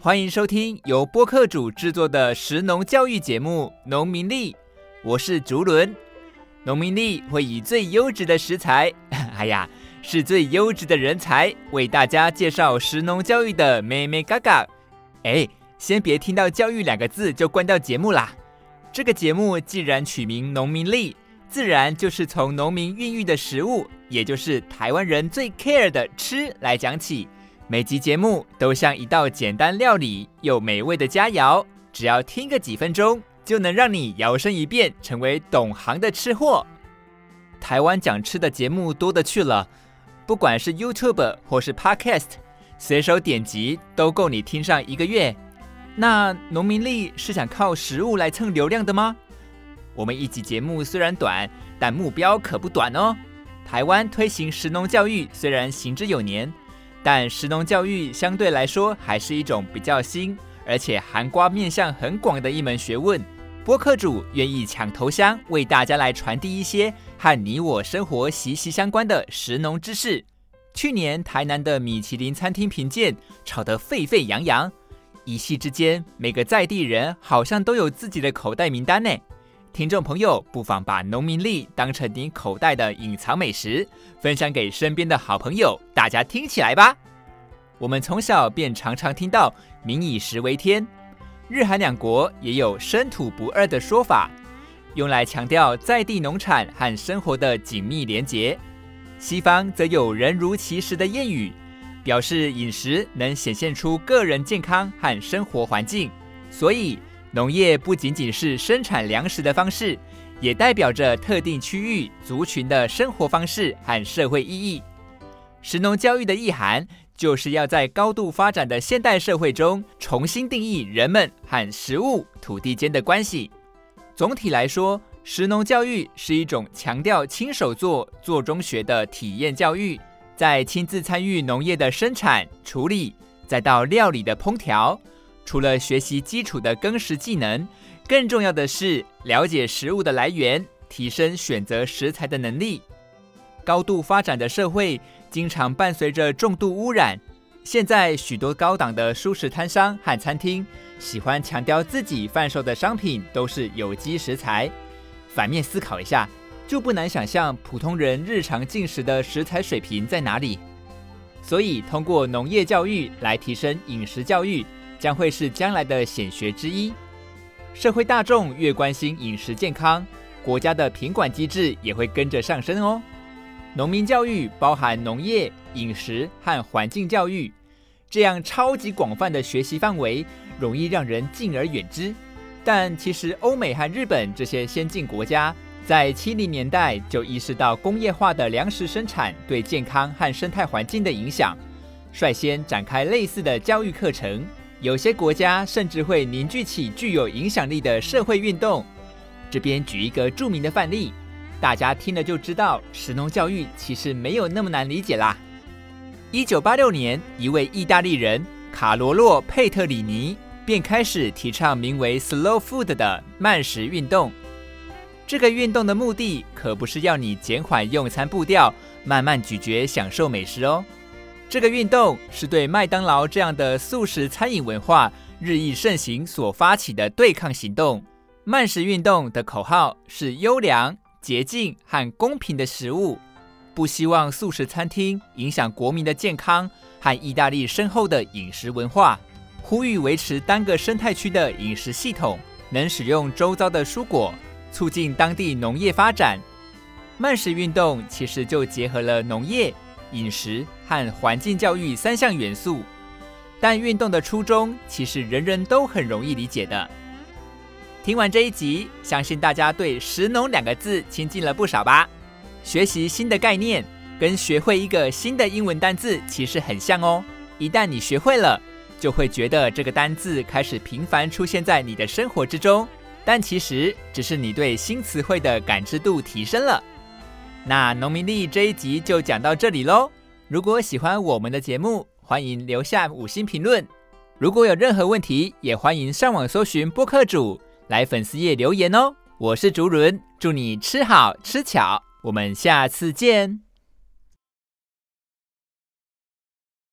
歡迎收聽由播客煮製作的食農教育節目《農民粒》，我是竹輪。農民粒會以最優質的食材，哎呀，是最優質的人才，為大家介紹食農教育的妹妹嘎嘎。哎，先別聽到“教育”兩個字就關掉節目啦。這個節目既然取名《農民粒》，自然就是從農民孕育的食物，也就是台灣人最 care 的吃來講起。每集節目都像一道簡單料理又美味的佳肴，只要聽個幾分鐘，就能讓你搖身一變成為懂行的吃貨。台灣講吃的節目多得去了，不管是 YouTube 或是 Podcast，隨手點擊都夠你聽上一個月。那農民粒是想靠食物來蹭流量的嗎？我們一集節目雖然短，但目標可不短哦。台灣推行食農教育雖然行之有年。但食農教育相對來說還是一種比較新，而且涵蓋面向很廣的一門學問。播客主願意搶頭香，為大家來傳遞一些和你我生活息息相關的食農知識。去年台南的米其林餐廳評鑑吵得沸沸揚揚，一夕之間，每個在地人好像都有自己的口袋名單呢。聽眾朋友，不妨把農民粒當成你口袋的隱藏美食，分享給身邊的好朋友，大家聽起來吧。我們從小便常常聽到“民以食為天”，日韓兩國也有“身土不二”的說法，用來強調在地農產和生活的緊密連結。西方則有“人如其食”的諺語，表示飲食能顯現出個人健康和生活環境。所以，農業不僅僅是生產糧食的方式，也代表着特定區域族群的生活方式和社會意義。食農教育的意涵，就是要在高度發展的現代社會中，重新定義人們和食物、土地間的關係。總體來說，食農教育是一種強調親手做、做中學的體驗教育，在親自參與農業的生產、處理，再到料理的烹調。除了學習基礎的耕食技能，更重要的是了解食物的來源，提升選擇食材的能力。高度發展的社會經常伴隨着重度汙染。現在許多高檔的熟食攤商和餐廳喜歡強調自己販售的商品都是有機食材。反面思考一下，就不難想象普通人日常進食的食材水平在哪裡。所以，通過農業教育來提升飲食教育。將會是將來的顯學之一。社會大眾越關心飲食健康，國家的品管機制也會跟着上升哦。農民教育包含農業、飲食和環境教育，這樣超級廣泛的學習範圍容易讓人敬而遠之。但其實，歐美和日本這些先進國家在七零年代就意識到工業化的糧食生產對健康和生態環境的影響，率先展開類似的教育課程。有些國家甚至會凝聚起具有影響力的社會運動。這邊舉一個著名的範例，大家聽了就知道，食農教育其實沒有那麼難理解啦。一九八六年，一位意大利人卡羅洛·佩特里尼便開始提倡名為 “Slow Food” 的慢食運動。這個運動的目的可不是要你減緩用餐步調，慢慢咀嚼，享受美食哦。這個運動是對麥當勞這樣的速食餐飲文化日益盛行所發起的對抗行動。慢食運動的口號是“優良、潔淨和公平的食物”，不希望速食餐廳影響國民的健康和意大利深厚的飲食文化，呼籲維持單個生態區的飲食系統，能使用周遭的蔬果，促進當地農業發展。慢食運動其實就結合了農業、飲食和環境教育三項元素，但運動的初衷其實人人都很容易理解的。聽完這一集，相信大家對“食農”兩個字親近了不少吧？學習新的概念，跟學會一個新的英文單字其實很像哦。一旦你學會了，就會覺得這個單字開始頻繁出現在你的生活之中，但其實只是你對新詞彙的感知度提升了。那農民粒這一集就講到這裡嘍。如果喜歡我們的節目，歡迎留下五星評論。如果有任何問題，也歡迎上網搜尋播客煮，來粉絲頁留言哦。我是竹倫，祝你吃好吃巧，我們下次見。